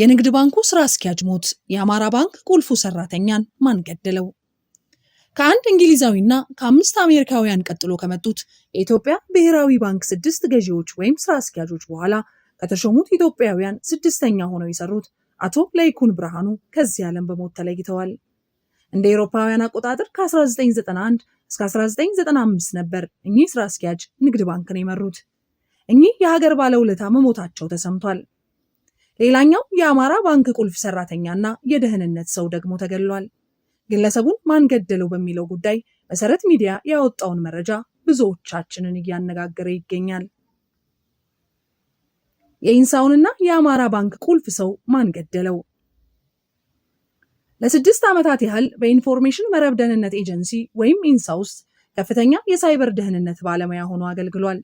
የንግድ ባንኩ ስራ አስኪያጅ ሞት፣ የአማራ ባንክ ቁልፉ ሰራተኛን ማን ገደለው? ከአንድ እንግሊዛዊና ከአምስት አሜሪካውያን ቀጥሎ ከመጡት የኢትዮጵያ ብሔራዊ ባንክ ስድስት ገዢዎች ወይም ስራ አስኪያጆች በኋላ ከተሾሙት ኢትዮጵያውያን ስድስተኛ ሆነው የሰሩት አቶ ለይኩን ብርሃኑ ከዚህ ዓለም በሞት ተለይተዋል። እንደ ኤሮፓውያን አቆጣጠር ከ1991 እስከ 1995 ነበር እኚህ ስራ አስኪያጅ ንግድ ባንክን የመሩት። እኚህ የሀገር ባለውለታ መሞታቸው ተሰምቷል። ሌላኛው የአማራ ባንክ ቁልፍ ሰራተኛና የደህንነት ሰው ደግሞ ተገድሏል። ግለሰቡን ማን ገደለው በሚለው ጉዳይ መሰረት ሚዲያ ያወጣውን መረጃ ብዙዎቻችንን እያነጋገረ ይገኛል። የኢንሳውንና የአማራ ባንክ ቁልፍ ሰው ማን ገደለው? ለስድስት ዓመታት ያህል በኢንፎርሜሽን መረብ ደህንነት ኤጀንሲ ወይም ኢንሳ ውስጥ ከፍተኛ የሳይበር ደህንነት ባለሙያ ሆኖ አገልግሏል።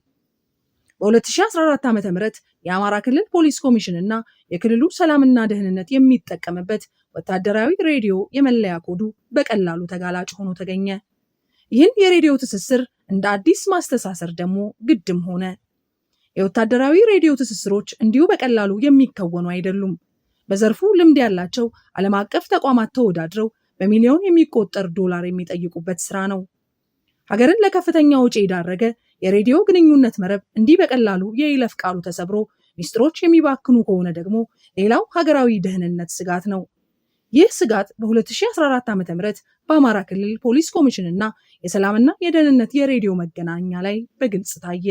በ2014 ዓ ም የአማራ ክልል ፖሊስ ኮሚሽን የክልሉ ሰላምና ደህንነት የሚጠቀምበት ወታደራዊ ሬዲዮ የመለያ ኮዱ በቀላሉ ተጋላጭ ሆኖ ተገኘ። ይህን የሬዲዮ ትስስር እንደ አዲስ ማስተሳሰር ደግሞ ግድም ሆነ። የወታደራዊ ሬዲዮ ትስስሮች እንዲሁ በቀላሉ የሚከወኑ አይደሉም። በዘርፉ ልምድ ያላቸው ዓለም አቀፍ ተቋማት ተወዳድረው በሚሊዮን የሚቆጠር ዶላር የሚጠይቁበት ስራ ነው። ሀገርን ለከፍተኛ ውጪ የዳረገ የሬዲዮ ግንኙነት መረብ እንዲህ በቀላሉ የይለፍ ቃሉ ተሰብሮ ሚስጥሮች የሚባክኑ ከሆነ ደግሞ ሌላው ሀገራዊ ደህንነት ስጋት ነው። ይህ ስጋት በ2014 ዓ.ም በአማራ ክልል ፖሊስ ኮሚሽንና የሰላምና የደህንነት የሬዲዮ መገናኛ ላይ በግልጽ ታየ።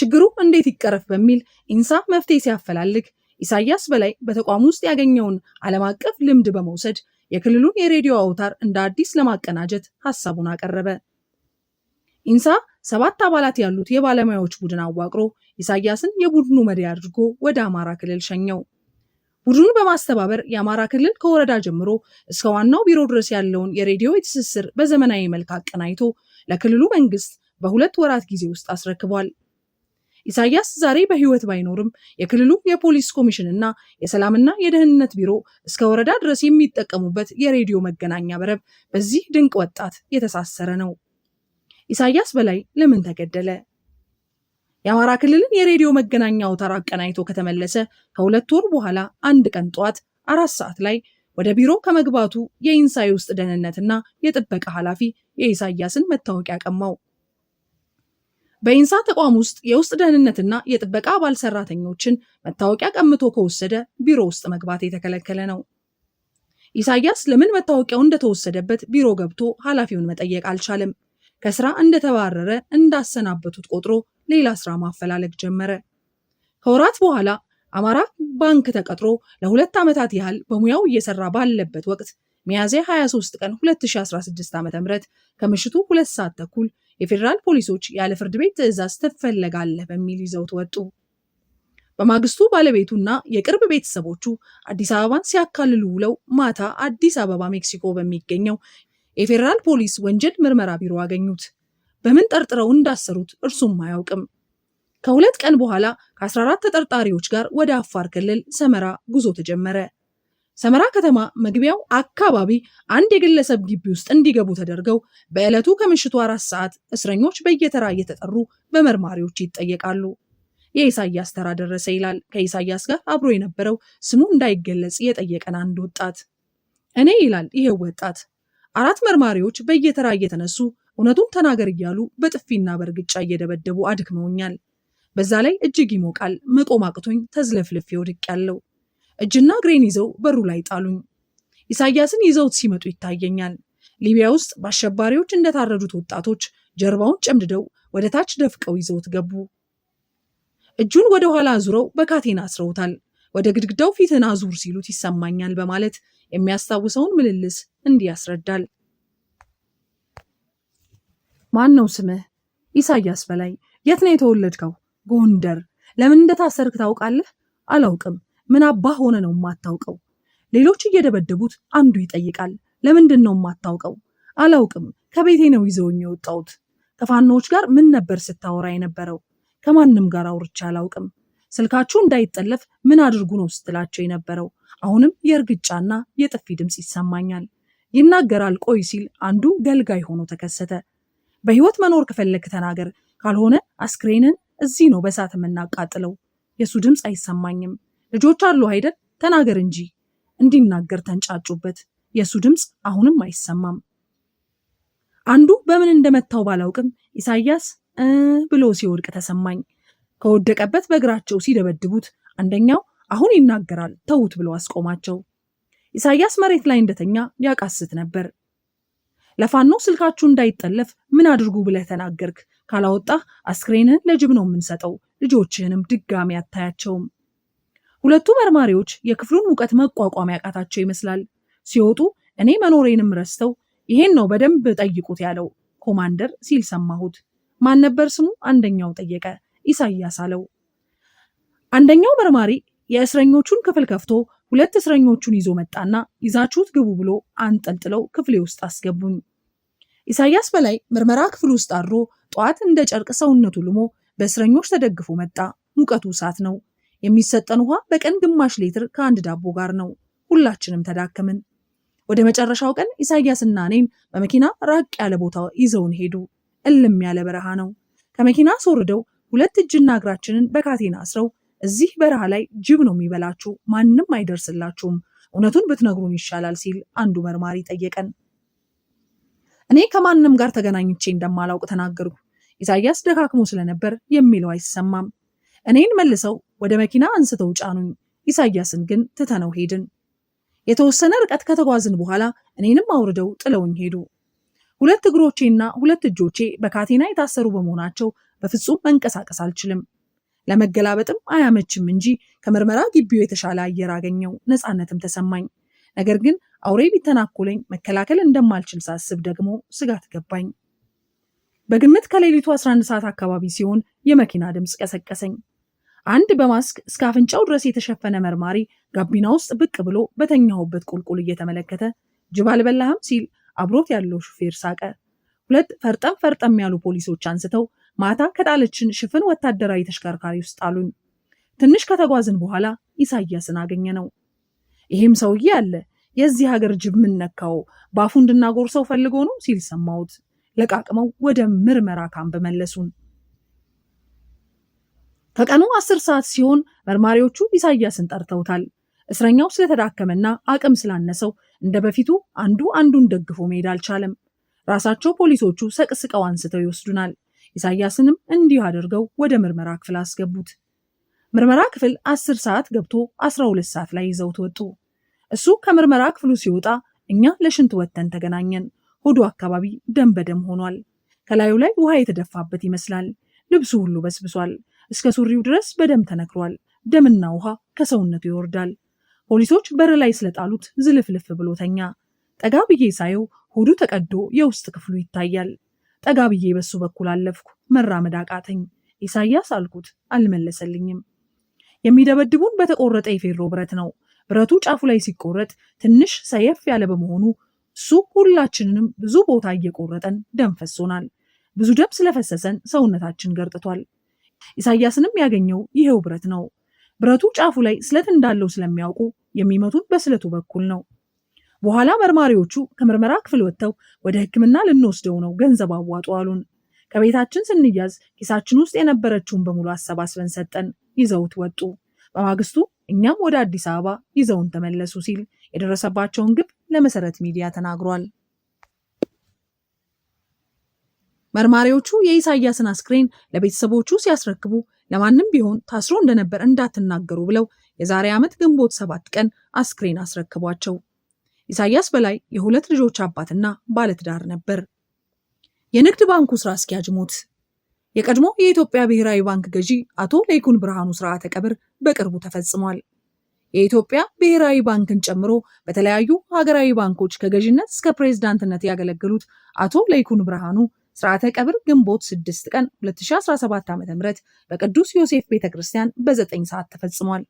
ችግሩ እንዴት ይቀረፍ በሚል ኢንሳ መፍትሄ ሲያፈላልግ ኢሳያስ በላይ በተቋሙ ውስጥ ያገኘውን ዓለም አቀፍ ልምድ በመውሰድ የክልሉን የሬዲዮ አውታር እንደ አዲስ ለማቀናጀት ሀሳቡን አቀረበ። ኢንሳ ሰባት አባላት ያሉት የባለሙያዎች ቡድን አዋቅሮ ኢሳያስን የቡድኑ መሪ አድርጎ ወደ አማራ ክልል ሸኘው። ቡድኑ በማስተባበር የአማራ ክልል ከወረዳ ጀምሮ እስከ ዋናው ቢሮ ድረስ ያለውን የሬዲዮ ትስስር በዘመናዊ መልክ አቀናይቶ ለክልሉ መንግስት በሁለት ወራት ጊዜ ውስጥ አስረክቧል። ኢሳያስ ዛሬ በህይወት ባይኖርም የክልሉ የፖሊስ ኮሚሽን እና የሰላምና የደህንነት ቢሮ እስከ ወረዳ ድረስ የሚጠቀሙበት የሬዲዮ መገናኛ መረብ በዚህ ድንቅ ወጣት የተሳሰረ ነው። ኢሳያስ በላይ ለምን ተገደለ? የአማራ ክልልን የሬዲዮ መገናኛ አውታር አቀናይቶ ከተመለሰ ከሁለት ወር በኋላ አንድ ቀን ጠዋት አራት ሰዓት ላይ ወደ ቢሮ ከመግባቱ የኢንሳይ ውስጥ ደህንነትና የጥበቃ ኃላፊ የኢሳያስን መታወቂያ ቀማው። በኢንሳ ተቋም ውስጥ የውስጥ ደህንነትና የጥበቃ አባል ሰራተኞችን መታወቂያ ቀምቶ ከወሰደ ቢሮ ውስጥ መግባት የተከለከለ ነው። ኢሳያስ ለምን መታወቂያው እንደተወሰደበት ቢሮ ገብቶ ኃላፊውን መጠየቅ አልቻለም። ከስራ እንደተባረረ እንዳሰናበቱት ቆጥሮ ሌላ ስራ ማፈላለግ ጀመረ። ከወራት በኋላ አማራ ባንክ ተቀጥሮ ለሁለት ዓመታት ያህል በሙያው እየሰራ ባለበት ወቅት ሚያዝያ 23 ቀን 2016 ዓ ም ከምሽቱ ሁለት ሰዓት ተኩል የፌዴራል ፖሊሶች ያለ ፍርድ ቤት ትዕዛዝ ትፈለጋለህ በሚል ይዘውት ወጡ። በማግስቱ ባለቤቱና የቅርብ ቤተሰቦቹ አዲስ አበባን ሲያካልሉ ውለው ማታ አዲስ አበባ ሜክሲኮ በሚገኘው የፌዴራል ፖሊስ ወንጀል ምርመራ ቢሮ አገኙት። በምን ጠርጥረው እንዳሰሩት እርሱም አያውቅም። ከሁለት ቀን በኋላ ከ14 ተጠርጣሪዎች ጋር ወደ አፋር ክልል ሰመራ ጉዞ ተጀመረ። ሰመራ ከተማ መግቢያው አካባቢ አንድ የግለሰብ ግቢ ውስጥ እንዲገቡ ተደርገው በዕለቱ ከምሽቱ አራት ሰዓት እስረኞች በየተራ እየተጠሩ በመርማሪዎች ይጠየቃሉ። የኢሳያስ ተራ ደረሰ ይላል ከኢሳያስ ጋር አብሮ የነበረው ስሙ እንዳይገለጽ የጠየቀን አንድ ወጣት። እኔ ይላል ይሄው ወጣት አራት መርማሪዎች በየተራ እየተነሱ እውነቱን ተናገር እያሉ በጥፊና በእርግጫ እየደበደቡ አድክመውኛል። በዛ ላይ እጅግ ይሞቃል። መቆም አቅቶኝ ተዝለፍልፌ ወድቅ ያለው እጅና እግሬን ይዘው በሩ ላይ ጣሉኝ። ኢሳያስን ይዘውት ሲመጡ ይታየኛል። ሊቢያ ውስጥ በአሸባሪዎች እንደታረዱት ወጣቶች ጀርባውን ጨምድደው ወደ ታች ደፍቀው ይዘውት ገቡ። እጁን ወደ ኋላ አዙረው በካቴና አስረውታል። ወደ ግድግዳው ፊትን አዙር ሲሉት ይሰማኛል በማለት የሚያስታውሰውን ምልልስ እንዲህ ያስረዳል። ማን ነው ስምህ? ኢሳያስ በላይ። የት ነው የተወለድከው? ጎንደር። ለምን እንደታሰርክ ታውቃለህ? አላውቅም። ምን አባህ ሆነ ነው የማታውቀው? ሌሎች እየደበደቡት አንዱ ይጠይቃል። ለምንድን ነው የማታውቀው? አላውቅም። ከቤቴ ነው ይዘውኝ የወጣሁት። ከፋኖዎች ጋር ምን ነበር ስታወራ የነበረው? ከማንም ጋር አውርቼ አላውቅም። ስልካችሁ እንዳይጠለፍ ምን አድርጉ ነው ስትላቸው የነበረው። አሁንም የእርግጫና የጥፊ ድምፅ ይሰማኛል። ይናገራል ቆይ ሲል አንዱ ገልጋይ ሆኖ ተከሰተ። በህይወት መኖር ከፈለግ ተናገር፣ ካልሆነ አስክሬንን እዚህ ነው በሳት የምናቃጥለው። የእሱ ድምፅ አይሰማኝም። ልጆች አሉ አይደል ተናገር እንጂ እንዲናገር ተንጫጩበት። የእሱ ድምፅ አሁንም አይሰማም። አንዱ በምን እንደመታው ባላውቅም ኢሳያስ ብሎ ሲወድቅ ተሰማኝ። ከወደቀበት በእግራቸው ሲደበድቡት አንደኛው አሁን ይናገራል ተዉት ብሎ አስቆማቸው። ኢሳያስ መሬት ላይ እንደተኛ ያቃስት ነበር። ለፋኖ ስልካችሁ እንዳይጠለፍ ምን አድርጉ ብለህ ተናገርክ? ካላወጣ አስክሬንህን ለጅብ ነው የምንሰጠው። ልጆችህንም ድጋሚ አታያቸውም። ሁለቱ መርማሪዎች የክፍሉን ሙቀት መቋቋም ያቃታቸው ይመስላል። ሲወጡ እኔ መኖሬንም ረስተው ይሄን ነው በደንብ ጠይቁት ያለው ኮማንደር ሲል ሰማሁት። ማን ነበር ስሙ? አንደኛው ጠየቀ። ኢሳያስ አለው። አንደኛው መርማሪ የእስረኞቹን ክፍል ከፍቶ ሁለት እስረኞቹን ይዞ መጣና ይዛችሁት ግቡ ብሎ አንጠልጥለው ክፍሌ ውስጥ አስገቡኝ። ኢሳያስ በላይ ምርመራ ክፍል ውስጥ አድሮ ጠዋት እንደ ጨርቅ ሰውነቱ ልሞ በእስረኞች ተደግፎ መጣ። ሙቀቱ እሳት ነው። የሚሰጠን ውሃ በቀን ግማሽ ሌትር ከአንድ ዳቦ ጋር ነው። ሁላችንም ተዳከምን። ወደ መጨረሻው ቀን ኢሳያስና እኔም በመኪና ራቅ ያለ ቦታ ይዘውን ሄዱ። እልም ያለ በረሃ ነው። ከመኪና አስወርደው ሁለት እጅና እግራችንን በካቴና አስረው እዚህ በረሃ ላይ ጅብ ነው የሚበላችሁ፣ ማንም አይደርስላችሁም፣ እውነቱን ብትነግሩን ይሻላል ሲል አንዱ መርማሪ ጠየቀን። እኔ ከማንም ጋር ተገናኝቼ እንደማላውቅ ተናገርኩ። ኢሳያስ ደካክሞ ስለነበር የሚለው አይሰማም። እኔን መልሰው ወደ መኪና አንስተው ጫኑኝ። ኢሳያስን ግን ትተነው ሄድን። የተወሰነ ርቀት ከተጓዝን በኋላ እኔንም አውርደው ጥለውኝ ሄዱ። ሁለት እግሮቼና ሁለት እጆቼ በካቴና የታሰሩ በመሆናቸው በፍጹም መንቀሳቀስ አልችልም። ለመገላበጥም አያመችም እንጂ ከምርመራ ግቢው የተሻለ አየር አገኘው፣ ነፃነትም ተሰማኝ። ነገር ግን አውሬ ቢተናኮለኝ መከላከል እንደማልችል ሳስብ ደግሞ ስጋት ገባኝ። በግምት ከሌሊቱ 11 ሰዓት አካባቢ ሲሆን የመኪና ድምፅ ቀሰቀሰኝ። አንድ በማስክ እስከ አፍንጫው ድረስ የተሸፈነ መርማሪ ጋቢና ውስጥ ብቅ ብሎ በተኛሁበት ቁልቁል እየተመለከተ ጅብ አልበላህም ሲል አብሮት ያለው ሹፌር ሳቀ። ሁለት ፈርጠም ፈርጠም ያሉ ፖሊሶች አንስተው ማታ ከጣለችን ሽፍን ወታደራዊ ተሽከርካሪ ውስጥ አሉን። ትንሽ ከተጓዝን በኋላ ኢሳያስን አገኘ ነው። ይሄም ሰውዬ አለ የዚህ ሀገር ጅብ ምን ነካው? ባፉ እንድናጎርሰው ፈልጎ ነው ሲል ሰማሁት። ለቃቅመው ወደ ምርመራ ካምፕ መለሱን። ከቀኑ አስር ሰዓት ሲሆን መርማሪዎቹ ኢሳያስን ጠርተውታል። እስረኛው ስለተዳከመና አቅም ስላነሰው እንደ በፊቱ አንዱ አንዱን ደግፎ መሄድ አልቻለም። ራሳቸው ፖሊሶቹ ሰቅስቀው አንስተው ይወስዱናል። ኢሳያስንም እንዲሁ አድርገው ወደ ምርመራ ክፍል አስገቡት። ምርመራ ክፍል አስር ሰዓት ገብቶ አስራ ሁለት ሰዓት ላይ ይዘውት ወጡ። እሱ ከምርመራ ክፍሉ ሲወጣ እኛ ለሽንት ወተን ተገናኘን። ሆዱ አካባቢ ደም በደም ሆኗል። ከላዩ ላይ ውሃ የተደፋበት ይመስላል። ልብሱ ሁሉ በስብሷል። እስከ ሱሪው ድረስ በደም ተነክሯል። ደምና ውሃ ከሰውነቱ ይወርዳል። ፖሊሶች በር ላይ ስለጣሉት ዝልፍልፍ ብሎ ተኛ። ጠጋ ብዬ ሳየው ሆዱ ተቀዶ የውስጥ ክፍሉ ይታያል። ጠጋ ብዬ በሱ በኩል አለፍኩ። መራመድ አቃተኝ። ኢሳያስ አልኩት፣ አልመለሰልኝም። የሚደበድቡን በተቆረጠ የፌሮ ብረት ነው። ብረቱ ጫፉ ላይ ሲቆረጥ ትንሽ ሰየፍ ያለ በመሆኑ እሱ ሁላችንንም ብዙ ቦታ እየቆረጠን ደም ፈሶናል። ብዙ ደም ስለፈሰሰን ሰውነታችን ገርጥቷል። ኢሳያስንም ያገኘው ይሄው ብረት ነው። ብረቱ ጫፉ ላይ ስለት እንዳለው ስለሚያውቁ የሚመቱን በስለቱ በኩል ነው። በኋላ መርማሪዎቹ ከምርመራ ክፍል ወጥተው ወደ ሕክምና ልንወስደው ነው ገንዘብ አዋጡ አሉን። ከቤታችን ስንያዝ ኪሳችን ውስጥ የነበረችውን በሙሉ አሰባስበን ሰጠን። ይዘውት ወጡ። በማግስቱ እኛም ወደ አዲስ አበባ ይዘውን ተመለሱ ሲል የደረሰባቸውን ግብ ለመሰረት ሚዲያ ተናግሯል። መርማሪዎቹ የኢሳያስን አስክሬን ለቤተሰቦቹ ሲያስረክቡ ለማንም ቢሆን ታስሮ እንደነበር እንዳትናገሩ ብለው የዛሬ ዓመት ግንቦት ሰባት ቀን አስክሬን አስረክቧቸው ኢሳያስ በላይ የሁለት ልጆች አባትና ባለትዳር ነበር። የንግድ ባንኩ ስራ አስኪያጅ ሞት። የቀድሞ የኢትዮጵያ ብሔራዊ ባንክ ገዢ አቶ ለይኩን ብርሃኑ ስርዓተ ቀብር በቅርቡ ተፈጽሟል። የኢትዮጵያ ብሔራዊ ባንክን ጨምሮ በተለያዩ ሀገራዊ ባንኮች ከገዢነት እስከ ፕሬዝዳንትነት ያገለገሉት አቶ ለይኩን ብርሃኑ ስርዓተ ቀብር ግንቦት 6 ቀን 2017 ዓ.ም በቅዱስ ዮሴፍ ቤተ ክርስቲያን በ9 ሰዓት ተፈጽሟል።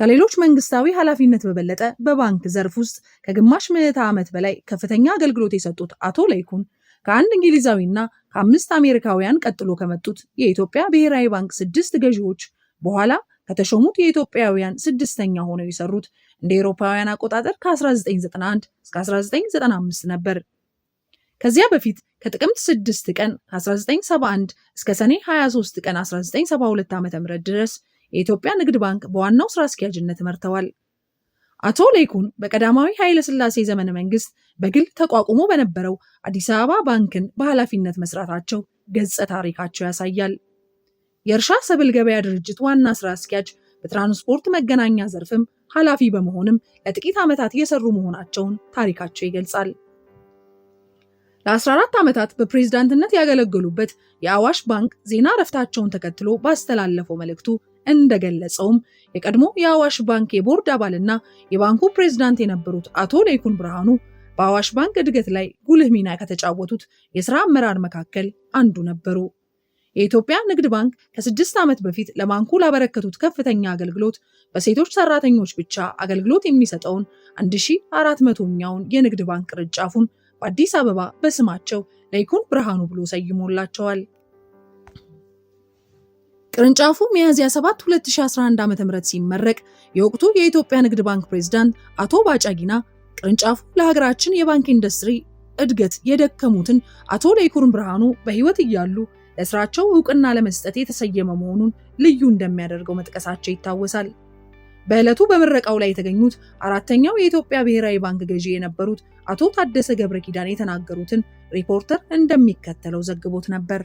ከሌሎች መንግስታዊ ኃላፊነት በበለጠ በባንክ ዘርፍ ውስጥ ከግማሽ ምዕተ ዓመት በላይ ከፍተኛ አገልግሎት የሰጡት አቶ ለይኩን ከአንድ እንግሊዛዊና ከአምስት አሜሪካውያን ቀጥሎ ከመጡት የኢትዮጵያ ብሔራዊ ባንክ ስድስት ገዢዎች በኋላ ከተሾሙት የኢትዮጵያውያን ስድስተኛ ሆነው የሰሩት እንደ ኤሮፓውያን አቆጣጠር ከ1991 እስከ 1995 ነበር። ከዚያ በፊት ከጥቅምት 6 ቀን 1971 እስከ ሰኔ 23 ቀን 1972 ዓ.ም ድረስ የኢትዮጵያ ንግድ ባንክ በዋናው ስራ አስኪያጅነት መርተዋል። አቶ ሌኩን በቀዳማዊ ኃይለ ሥላሴ ዘመነ መንግስት በግል ተቋቁሞ በነበረው አዲስ አበባ ባንክን በኃላፊነት መስራታቸው ገጸ ታሪካቸው ያሳያል። የእርሻ ሰብል ገበያ ድርጅት ዋና ስራ አስኪያጅ፣ በትራንስፖርት መገናኛ ዘርፍም ኃላፊ በመሆንም ለጥቂት ዓመታት እየሰሩ መሆናቸውን ታሪካቸው ይገልጻል። ለ14 ዓመታት በፕሬዝዳንትነት ያገለገሉበት የአዋሽ ባንክ ዜና እረፍታቸውን ተከትሎ ባስተላለፈው መልእክቱ እንደገለጸውም የቀድሞ የአዋሽ ባንክ የቦርድ አባልና የባንኩ ፕሬዝዳንት የነበሩት አቶ ለይኩን ብርሃኑ በአዋሽ ባንክ እድገት ላይ ጉልህ ሚና ከተጫወቱት የስራ አመራር መካከል አንዱ ነበሩ። የኢትዮጵያ ንግድ ባንክ ከስድስት ዓመት በፊት ለባንኩ ላበረከቱት ከፍተኛ አገልግሎት በሴቶች ሰራተኞች ብቻ አገልግሎት የሚሰጠውን 1400ኛውን የንግድ ባንክ ቅርንጫፉን በአዲስ አበባ በስማቸው ለይኩን ብርሃኑ ብሎ ሰይሞላቸዋል። ቅርንጫፉ ሚያዝያ 7 2011 ዓ.ም ሲመረቅ የወቅቱ የኢትዮጵያ ንግድ ባንክ ፕሬዝዳንት አቶ ባጫ ጊና ቅርንጫፉ ለሀገራችን የባንክ ኢንዱስትሪ እድገት የደከሙትን አቶ ለይኩን ብርሃኑ በሕይወት እያሉ ለስራቸው እውቅና ለመስጠት የተሰየመ መሆኑን ልዩ እንደሚያደርገው መጥቀሳቸው ይታወሳል። በዕለቱ በምረቃው ላይ የተገኙት አራተኛው የኢትዮጵያ ብሔራዊ ባንክ ገዢ የነበሩት አቶ ታደሰ ገብረ ኪዳን የተናገሩትን ሪፖርተር እንደሚከተለው ዘግቦት ነበር።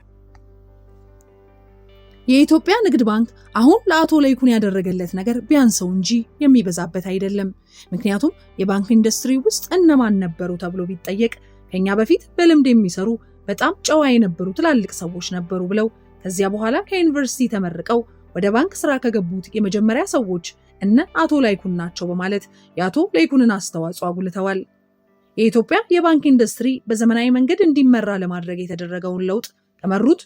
የኢትዮጵያ ንግድ ባንክ አሁን ለአቶ ለይኩን ያደረገለት ነገር ቢያንሰው እንጂ የሚበዛበት አይደለም። ምክንያቱም የባንክ ኢንዱስትሪ ውስጥ እነማን ነበሩ ተብሎ ቢጠየቅ ከኛ በፊት በልምድ የሚሰሩ በጣም ጨዋ የነበሩ ትላልቅ ሰዎች ነበሩ ብለው ከዚያ በኋላ ከዩኒቨርሲቲ ተመርቀው ወደ ባንክ ስራ ከገቡት የመጀመሪያ ሰዎች እነ አቶ ላይኩን ናቸው በማለት የአቶ ላይኩንን አስተዋጽኦ አጉልተዋል። የኢትዮጵያ የባንክ ኢንዱስትሪ በዘመናዊ መንገድ እንዲመራ ለማድረግ የተደረገውን ለውጥ ከመሩት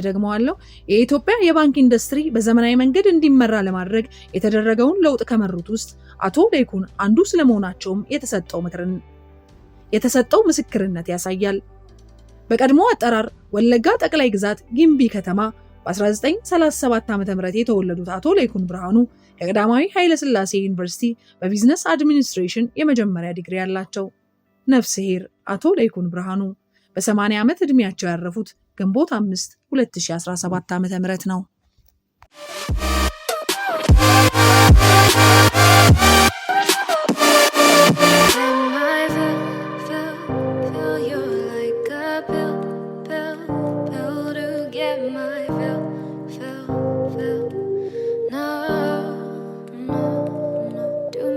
እደግመዋለሁ። የኢትዮጵያ የባንክ ኢንዱስትሪ በዘመናዊ መንገድ እንዲመራ ለማድረግ የተደረገውን ለውጥ ከመሩት ውስጥ አቶ ሌኩን አንዱ ስለመሆናቸውም የተሰጠው ምክርን የተሰጠው ምስክርነት ያሳያል። በቀድሞ አጠራር ወለጋ ጠቅላይ ግዛት ጊምቢ ከተማ በ1937 ዓ ም የተወለዱት አቶ ሌኩን ብርሃኑ ከቀዳማዊ ኃይለሥላሴ ዩኒቨርሲቲ በቢዝነስ አድሚኒስትሬሽን የመጀመሪያ ዲግሪ ያላቸው። ነፍስ ሄር አቶ ላይኩን ብርሃኑ በ80 ዓመት ዕድሜያቸው ያረፉት ግንቦት 5 2017 ም ነው።